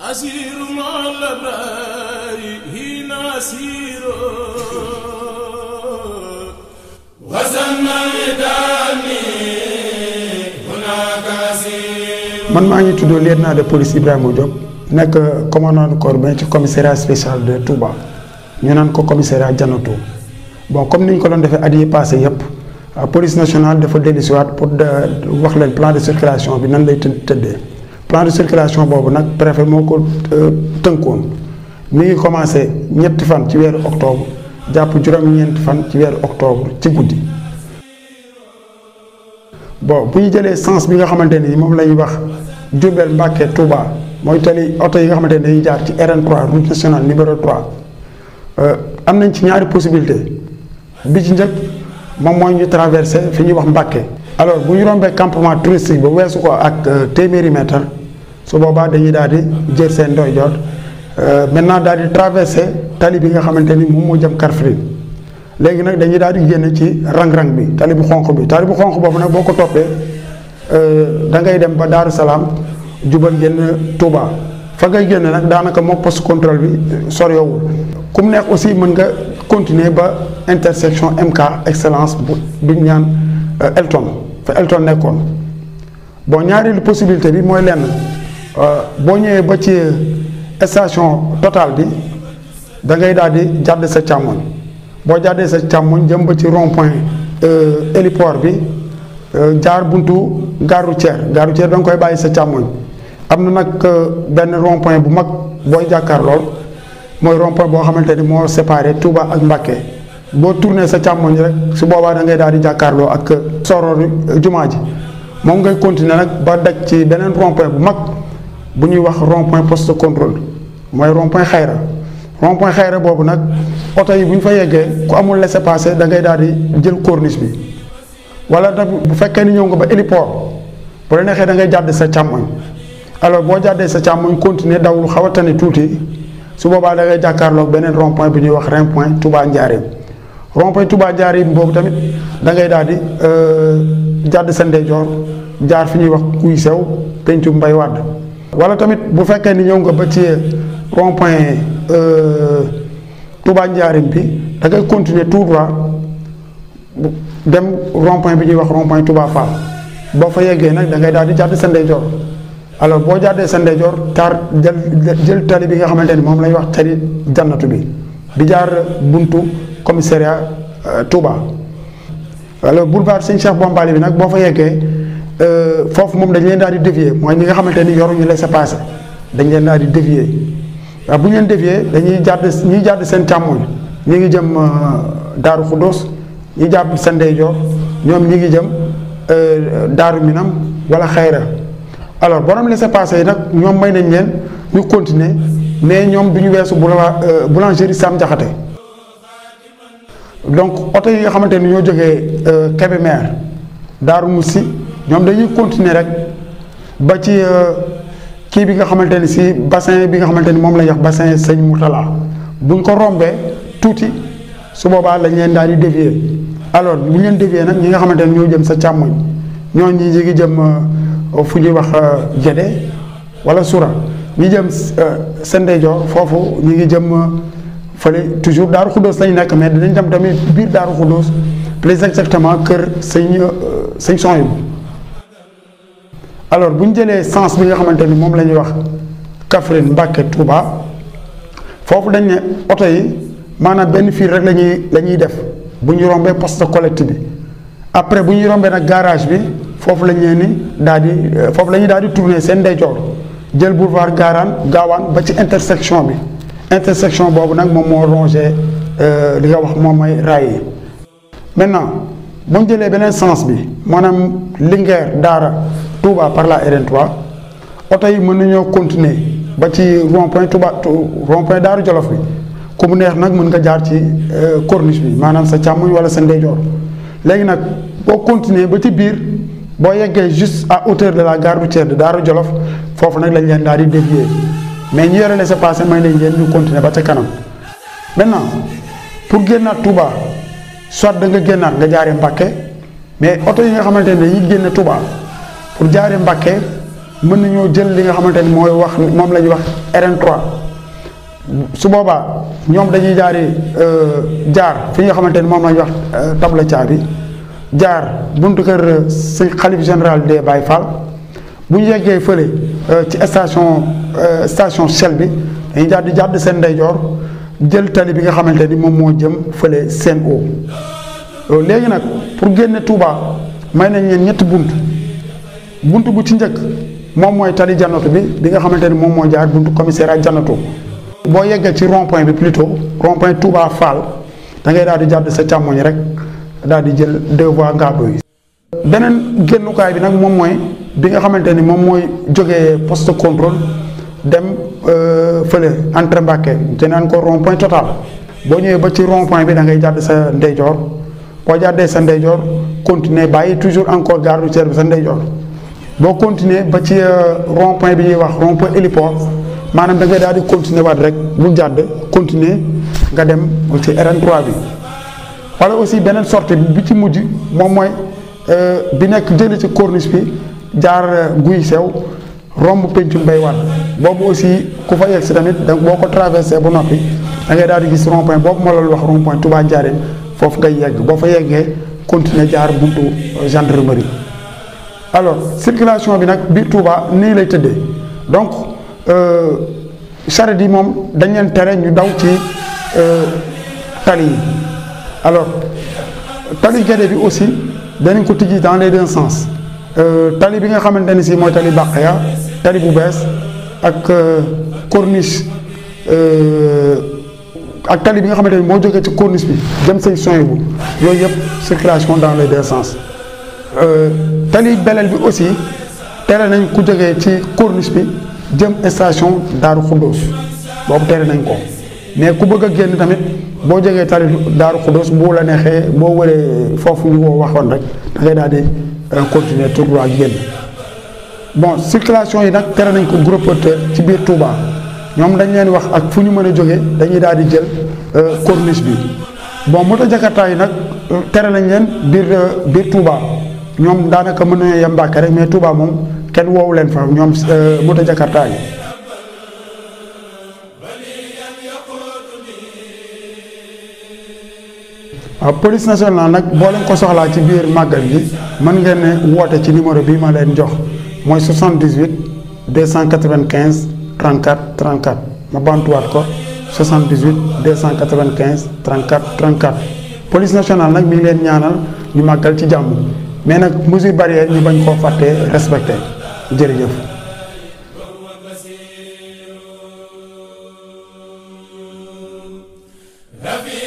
أسير مع الأبرار هنا أسير وسمى بدمي هناك أسير man maa ngi tudd lieutenant de police Ibrahima Diop nekk commandant de corps bi ci commissariat spécial de Touba ñu naan ko commissariat Janato boo comme ni ñu ko doon defee at yi passé yëpp police nationale dafa dellusiwaat pour wax leen plan de circulation bi nan lay tëddee. plan de circulation boobu nag préfet moo ko euh, tënkoon mu ngi commencé ñetti fan ci weeru octobre jàpp juróom-ñeenti fan ci weeru octobre ci guddi bon bu ñu jëlee sens bi nga xamante ni moom la ñuy wax Diourbel Mbàkke Touba mooy tali oto yi nga xamante ni dañuy jaar ci RN3 route nationale numéro 3 euh, am nañ ci ñaari possibilité bi ci njëkk moom mooy ñu traversé fi ñuy wax Mbàkke alors bu ñu rombee campement touristique ba weesu ko ak euh, téeméeri mètre su boobaa dañuy daal di jël seen doy jot euh, maintenant daal di traversé tali bi nga xamante ni moom moo jëm Kaffrine léegi nag dañuy daal di génn ci rang-rang bi tali bu xonq bi tali bu xonq boobu nag boo ko toppee euh, da ngay dem ba Daaru Salaam jubal génn Touba fa ngay génn nag daanaka moo post contrôle bi soriwul ku mu neex aussi mën nga continuer ba intersection MK excellence bu bi ñaan naan fa Elton nekkoon boo ñaareelu possibilité bi mooy lenn euh, boo ñëwee ba ci station Total bi da ngay daal di jàdd sa càmmoñ boo jàddee sa càmmoñ jëm ba ci rond point euh, héliport bi euh, jaar buntu gare routière gare da nga koy bàyyi sa càmmoñ am na nag benn rond bu mag booy jàkkaar lool mooy rond point boo xamante ni moo séparé Touba ak Mbacké boo tourné sa càmmoñ rek su boobaa da ngay daal di jàkkaarloo ak soror jumaa ji moom ngay continuer nag ba daj ci beneen rond bu mag bu ñuy wax rond point poste de mooy rond point xayra rond point xayra boobu nag oto yi bu ñu fa yeggee ku amul laissez-passer da ngay daal di jël corniche bi wala da bu fekkee ni ñëw nga ba héliport bu la dangay da jàdd sa càmmoñ alors boo jàddee sa càmmoñ continuer daw lu xaw a tuuti su boobaa da ngay jàkkaarloog beneen rond bu ñuy wax rond point Touba rond-point Touba Ndiarème boobu tamit da ngay daal di euh, jàdd sa ndeyjoor jaar fi ñuy wax kuy sew pencu mbay wàdd wala tamit bu fekkee ni ñëw nga ba ci rond-point euh, Touba Ndiarème bi da ngay continuer tout droit dem rond bi ñuy wax rond-point Touba Fall boo fa yeggee nag da ngay daal di jàdd sa ndeyjoor alors boo jàddee sa ndeyjoor tar jël jël tali bi nga xamante ni moom la ñuy wax tali jannatu bi di jaar buntu. commissariat euh, Touba. alors boulevard Sëñ Cheikh Bombali bi nag boo fa yeggee euh, foofu moom dañ leen daal di dévier mooy ñi nga xamante ni yoruñu laissez-passer dañ leen daal di dévier waaw bu ñu leen dévier dañuy jàdd ñuy jàdd seen càmmoñ ñu ngi jëm euh, Daaru Xuddoos ñi jàpp seen ndeyjoor ñoom ñu ngi jëm Daaru Minam wala Xayra alors borom laissez-passer yi nag ñoom may nañ leen ñu continuer mais ñoom bu ñu weesu boulangérie Sam Jaxate donc oto yi nga xamante ni ñoo jógee euh, Kébémer Daaru Moussi ñoom dañuy continuer rek ba ci euh, kii bi nga xamante ni si bassin bi nga xamante ni moom la ñuy wax bassin Sëñ Moutala buñ ko rombee tuuti su boobaa lañ leen daal di dévier alors bu ñu leen dévier nag ñi nga xamante ni ñoo jëm sa càmmoñ ñoo ñi ñu ngi jëm euh, fu ñuy wax Gédé wala Soura ñi jëm sa ndeyjoor foofu ñu ngi jëm. fale toujours Daaru Xuddoos lañ nekk mais dinañ dem tamit biir Daaru Xuddoos plus kër sëñ euh, sëñ son bu alors bu ñu jëlee sens bi nga xamante ni moom la ñuy wax Kaffrine Mbacke Touba foofu dañ ne oto maanaam benn fil rek la ñuy def bu ñu rombee poste de collecte bi après bu ñu rombee nag garage bi foofu la ñu ni daal di euh, foofu la ñuy daal di tourner seen ndeyjoor jël boulevard Gaaraan Gaawaan ba ci intersection bi. intersection boobu nag moom moo rongé euh, li nga wax moom mooy raay yi maintenant bu jëlee beneen sens bi maanaam Linguère Daara Touba par la RN3 oto yi mën nañoo continuer ba ci rond point Touba rond Daaru Jolof bi ku mu neex nag mën nga jaar ci euh, corniche bi maanaam sa càmmoñ wala sa ndeyjoor léegi nag boo continuer ba ci biir boo yeggee juste à hauteur de la gare de Daaru Jolof foofu nag lañ leen daal di dévier. mais ñu yore laissez passer may leen ngeen ñu continuer ba ca kanam maintenant pour génnaat Touba soit da nga génnaat nga jaaree Mbàkke mais oto yi nga xamante ni yi génne Touba pour jaare Mbàkke mën nañoo jël li nga xamante ni mooy wax moom la ñuy wax RN3 su boobaa ñoom dañuy jaari euh, jaar fi nga xamante ni moom la ñuy wax euh, tabla caa bi jaar buntu kër euh, si xalif général des Baye Fall bu ñu yeggee fële. Euh, ci station euh, station Shell bi dañuy jàdd jàdd seen ndeyjoor jël tali bi nga xamante ni moom moo jëm fële seen o léegi nag pour génne Touba may nañ leen ñetti bunt bunt bu ci njëkk moom mooy tali jannatu bi bi nga xamante ni moom mooy jaar buntu ak jannatu boo yeggee ci rond point bi plutôt rond point Touba Fall da ngay daal di jàdd sa càmmoñ rek daal di jël deux voies nga beneen génnukaay bi nag moom mooy. bi nga xamante ni moom mooy jógee post contrôle dem euh, fële entrée Mbacké te naan ko rond point total boo ñëwee ba ci rond point bi da ngay jàdd sa ndeyjoor boo jàddee sa ndeyjoor continuer bàyyi toujours encore gare routière bi sa ndeyjoor boo continuer ba ci euh, rond point bi ñuy wax rond point héliport maanaam da ngay daal di continuer waat rek bul jàdd continuer nga dem ci RN3 bi wala aussi beneen sortie bi ci mujj moom mooy euh, bi nekk jëli ci corniche bi. jaar guy sew romb péncu mbay waat boobu aussi ku fa yegg si tamit donc boo ko traversé ba noppi da ngay daal di gis rond point boobu ma la wax rond point Touba Ndiarène foofu ngay yegg boo fa yeggee continuer jaar buntu euh, gendarmerie. alors circulation bi nag biir Touba nii lay tëddee donc euh, charrette yi moom dañ leen tere ñu daw ci euh, tali yi alors tali gede bi aussi danañ ko tijji dans les deux sens. Euh, tali bi nga xamante ni si mooy tali Bakhaya tali bu bees ak euh, corniche euh, ak tali bi nga xamante ni moo jógee ci corniche bi jëm say soin bu yooyu yëpp circulation dans les deux sens tali beleel bi aussi tere nañ ku jógee ci corniche bi jëm station Daaru Xuddoos boobu tere nañ ko mais ku bëgg a génn tamit boo jógee tali Daaru Xuddoos boo la neexee boo wëree foofu ñu ko waxoon rek da ngay daal continuer tout droit génn bon circulation yi nag tere nañ ko groupe porteur ci biir Touba ñoom dañ leen wax ak fu ñu mën a jógee dañuy daal di jël euh, corniche bi bon moto jakarta yi nag euh, tere nañ leen biir euh, biir Touba ñoom daanaka mën nañoo yem Mbàkke rek mais Touba moom kenn woowu leen fa ñoom moto jakarta yi. waaw ah, police nationale nag boo leen ko soxlaa ci biir màggal gi mën ngeen ne woote ci numéro bi ma leen jox mooy 78 295 34 34 ma bantuwaat ko 78 295 34 34. police nationale nag mi ngi leen ñaanal ñu màggal ci jàmm mais nag mesure barrière ñu bañ koo fàttee respecté jërëjëf. David